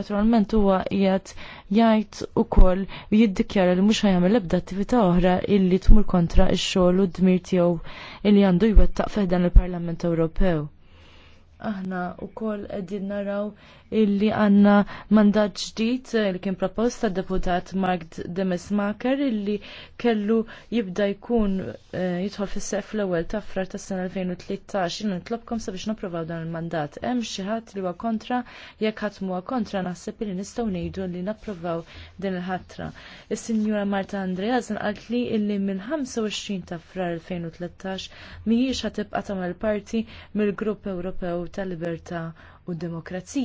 naturalment huwa qiegħed jgħid ukoll jiddikjara li mhux ħajjagħmel ebda attività oħra illi tmur kontra ix xogħol u d-dmir tiegħu illi għandu jwettaq fehdan il-Parlament Ewropew aħna wkoll qegħdin naraw illi għandna mandat ġdid li kien proposta deputat Mark Demesmaker illi kellu jibda jkun eh, jidħol fis sef l ewwel ta' tas sena 2013 jien nitlobkom sabiex napprovaw dan il-mandat. Hemm xi ħadd li huwa kontra jekk ħadd huwa kontra naħseb li nistgħu ngħidu li napprovaw din il-ħatra. Is-Sinjura Marta Andreas nqalt li illi mill-25 ta' frar 2013 mhijiex ħatibqa' tagħmel parti mill-Grupp Ewropew tal-libertà u demokrazija